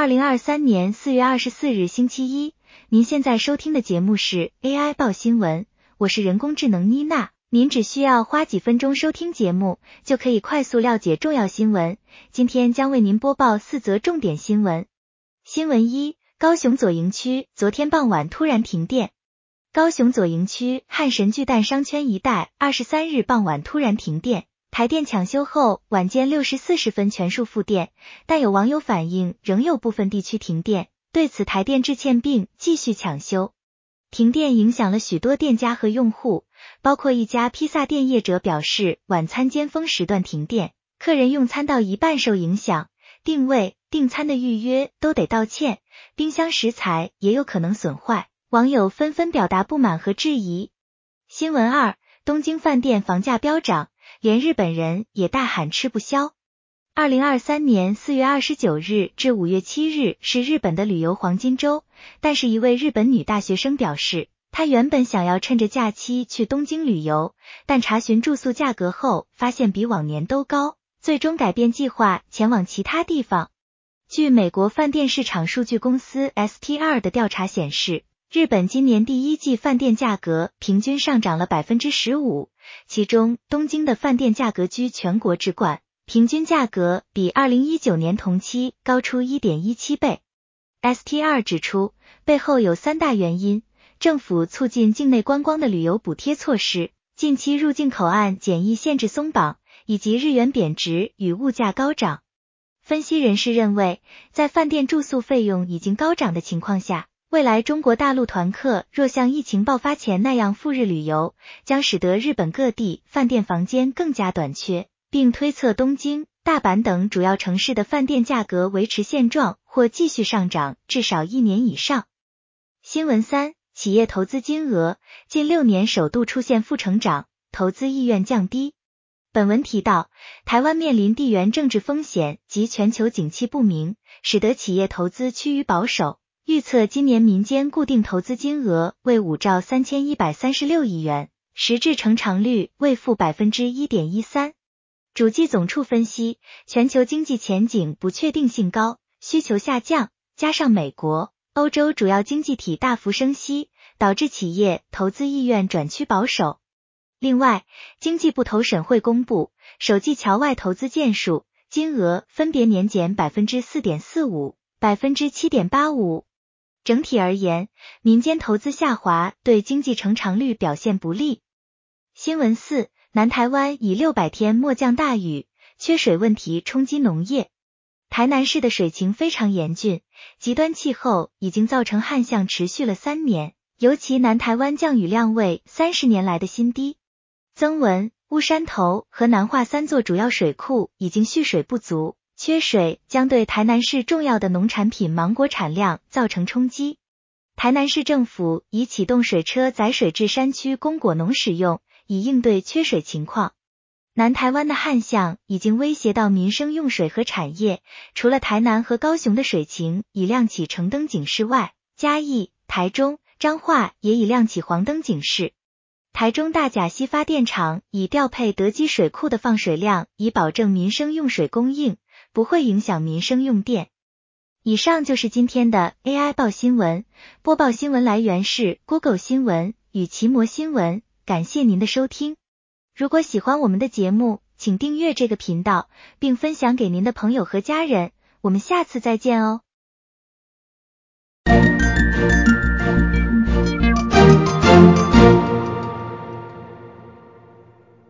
二零二三年四月二十四日星期一，您現在收聽的節目是 AI 報新聞，我是人工智能妮娜。您只需要花幾分鐘收聽節目，就可以快速了解重要新聞。今天將為您播報四則重點新聞。新聞一，高雄左營區昨天傍晚突然停電。高雄左營區漢神巨蛋商圈一帶，二十三日傍晚突然停電。台電搶修後，晚間六時四十分全數復電，但有網友反映仍有部分地區停電。對此，台電致歉並繼續搶修。停電影響了許多店家和用戶，包括一家披薩店業者表示，晚餐尖峰時段停電，客人用餐到一半受影響，訂位、訂餐的預約都得道歉，冰箱食材也有可能損壞。網友紛紛表達不滿和質疑。新聞二：東京飯店房價飆漲。連日本人也大喊吃不消。二零二三年四月二十九日至五月七日是日本的旅遊黃金周，但是一位日本女大學生表示，她原本想要趁着假期去東京旅遊，但查詢住宿價格後發現比往年都高，最終改變計劃前往其他地方。據美國飯店市場數據公司 STR 的調查顯示。日本今年第一季飯店價格平均上漲了百分之十五，其中東京的飯店價格居全國之冠，平均價格比二零一九年同期高出一點一七倍。STR 指出，背後有三大原因：政府促進境內觀光的旅遊補貼措施，近期入境口岸檢疫限制鬆綁，以及日元貶值與物價高漲。分析人士認為，在飯店住宿費用已經高漲的情況下。未來中國大陸團客若像疫情爆發前那樣赴日旅遊，將使得日本各地飯店房間更加短缺，並推測東京、大阪等主要城市的飯店價格維持現狀或繼續上漲至少一年以上。新聞三，企業投資金額近六年首度出現負成長，投資意願降低。本文提到，台灣面臨地緣政治風險及全球景氣不明，使得企業投資趨於保守。預測今年民間固定投資金額為五兆三千一百三十六億元，實質成長率為負百分之一點一三。主計總處分析，全球經濟前景不確定性高，需求下降，加上美國、歐洲主要經濟體大幅升息，導致企業投資意願轉趨保守。另外，經濟部投審會公布，首季僑外投資件數、金額分別年減百分之四點四五、百分之七點八五。整體而言，民間投資下滑對經濟成長率表現不利。新聞四：南台灣已六百天沒降大雨，缺水問題衝擊農業。台南市的水情非常嚴峻，極端氣候已經造成旱象持續了三年，尤其南台灣降雨量為三十年來的新低。曾文、烏山頭和南化三座主要水庫已經蓄水不足。缺水將對台南市重要的農產品芒果產量造成衝擊。台南市政府已啟動水車載水至山區供果農使用，以應對缺水情況。南台灣的旱象已經威脅到民生用水和產業，除了台南和高雄的水情已亮起橙燈警示外，嘉義、台中、彰化也已亮起黃燈警示。台中大甲溪發電廠已調配德基水庫的放水量，以保證民生用水供應。不會影響民生用電。以上就是今天的 AI 報新聞。播報新聞來源是 Google 新聞與奇摩新聞。感謝您的收聽。如果喜歡我們的節目，請訂閱這個頻道，並分享給您的朋友和家人。我們下次再見哦。